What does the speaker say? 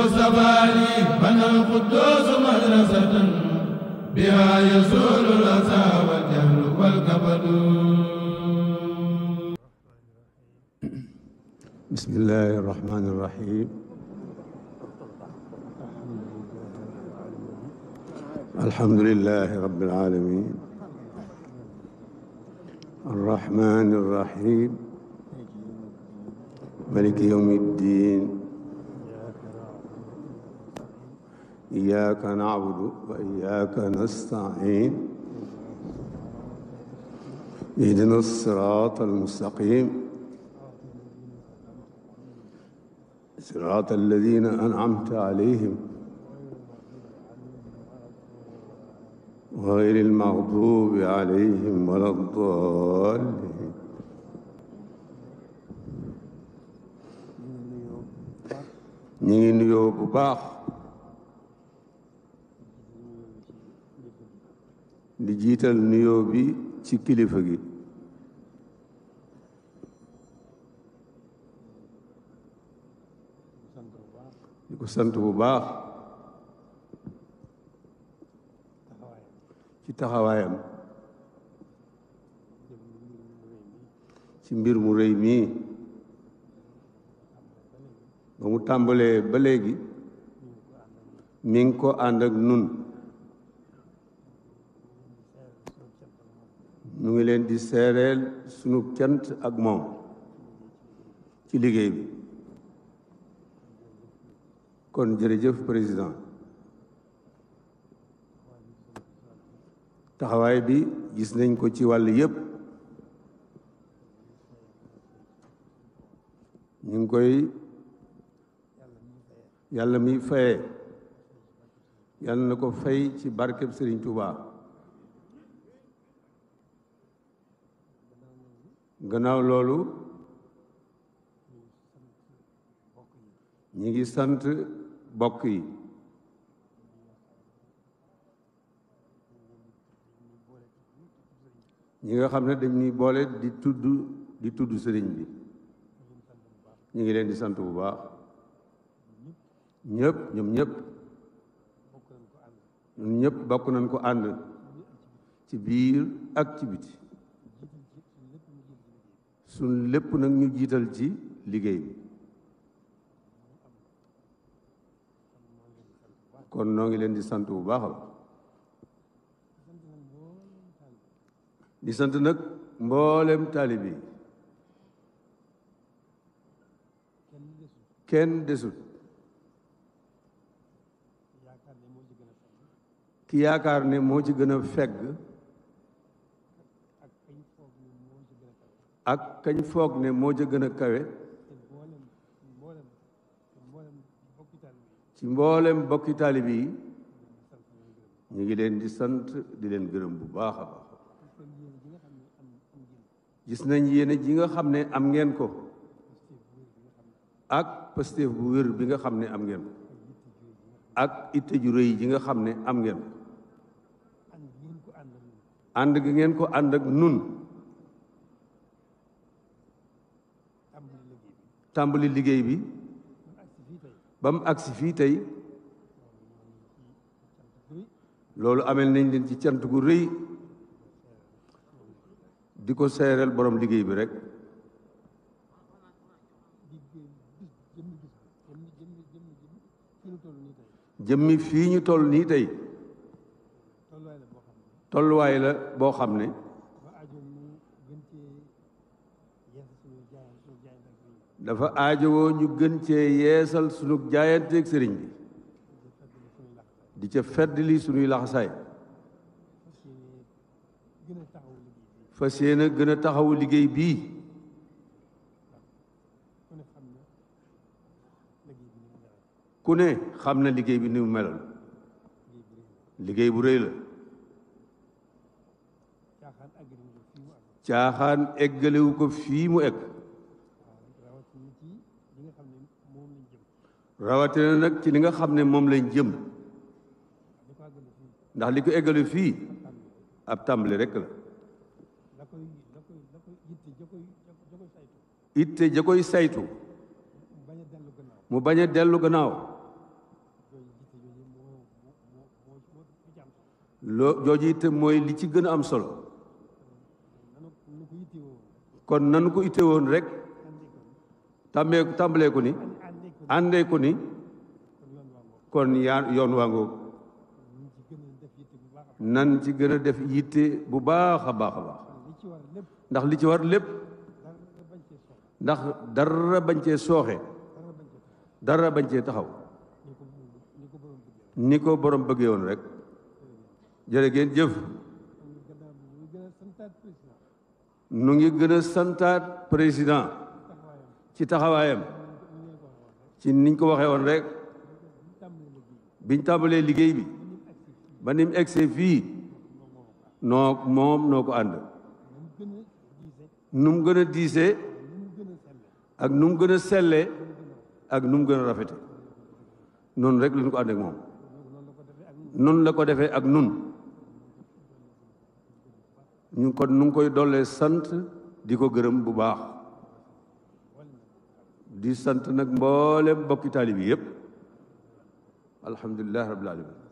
المصطفى لي بنى القدوس مدرسة بها يزول الأسى والجهل والكبد بسم الله الرحمن الرحيم الحمد لله رب العالمين الرحمن الرحيم ملك يوم الدين إياك نعبد وإياك نستعين اهدنا الصراط المستقيم صراط الذين أنعمت عليهم غير المغضوب عليهم ولا الضالين ñu ngi nuyoo bu baax di jiital nuyoo bi ci kilifa gi di sant bu baax ci taxawaayam ci mbir mu rëy mii ba mu tàmbalee ba léegi mi ngi ko ànd ak nun nu ngi leen di seereel sunu cant ak moom ci liggéey bi kon jërëjëf président taxawaay bi gis nañ ko ci wàll yépp ñu ngi koy yàlla mi faye yàlla na ko fay ci barkeb Sëriñ Tuubaa gannaaw loolu ñi ngi sant bokk yi ñi nga xam ne dañuy boole di tudd di tudd sëriñ bi ñu ngi leen di sant bu baax ñépp ñoom ñëpp ñun ñëpp bokk nañ ko ànd ci biir ak ci biti suñ lépp nag ñu jiital ci liggéey bi kon noo ngi leen di sant bu baax la di sant nag mboolem taalib yi kenn desut ki yaakaar ne moo ci gën a fegg ak kañ foog ne moo ca gën a kawe ci mboolem bokki taalib yi ñu ngi leen di sant di leen gërëm bu baax a baax gis nañ yéene ji nga xam ne am ngeen ko ak Pastef bu wér bi nga xam ne am ngeen ko ak itte ju rëy ji nga xam ne am ngeen ko ànd ngeen ko ànd ak nun tàmbali liggéey bi ba mu agsi fii tey loolu amel nañ leen ci cant gu rëy di ko seereel borom liggéey bi rek jëmmi fii ñu toll nii tey tolluwaay la boo xam ne dafa aajowoo ñu gën cee yeesal sunu jaayanteeg sëriñ bi di ca fedd li sunuy laxasaay fas yéene gën a taxawu liggéey bii ku ne xam na liggéey bi ni mu liggéey bu rëy la caaxaan eggalewu ko fii mu egg rawatina nag ci li nga xam ne moom lañ jëm ndax li ko eggale fii ab tàmbali rekk la itte ja koy saytu mu bañ a dellu gannaaw loo jooju itte mooy li ci gën a am solo kon nan ko itte woon rek tàmbee tàmbalee ni àndee ni kon yaa yoon waa ngoog nan ci gën a def yitte bu baax a baax a baax ndax li ci war lépp ndax dara bañ cee sooxe dara bañ cee taxaw ni ko borom bëggee woon rek jërë jëf nu ngi gën a santaat président ci taxawaayam ci niñ ko waxee woon rek biñ tàmbalee liggéey bi ba nim egsee fii noo moom noo ko ànd nu mu gën a diisee ak nu mu gën a sellee ak nu mu gën a rafete noonu rek lañ ko ànd ak moom noonu la ko defee ak nun ñu kon nu koy dollee sant di ko gërëm bu baax di sant nag mboolem bokki taalibi yépp alhamdulillah rabbil alamin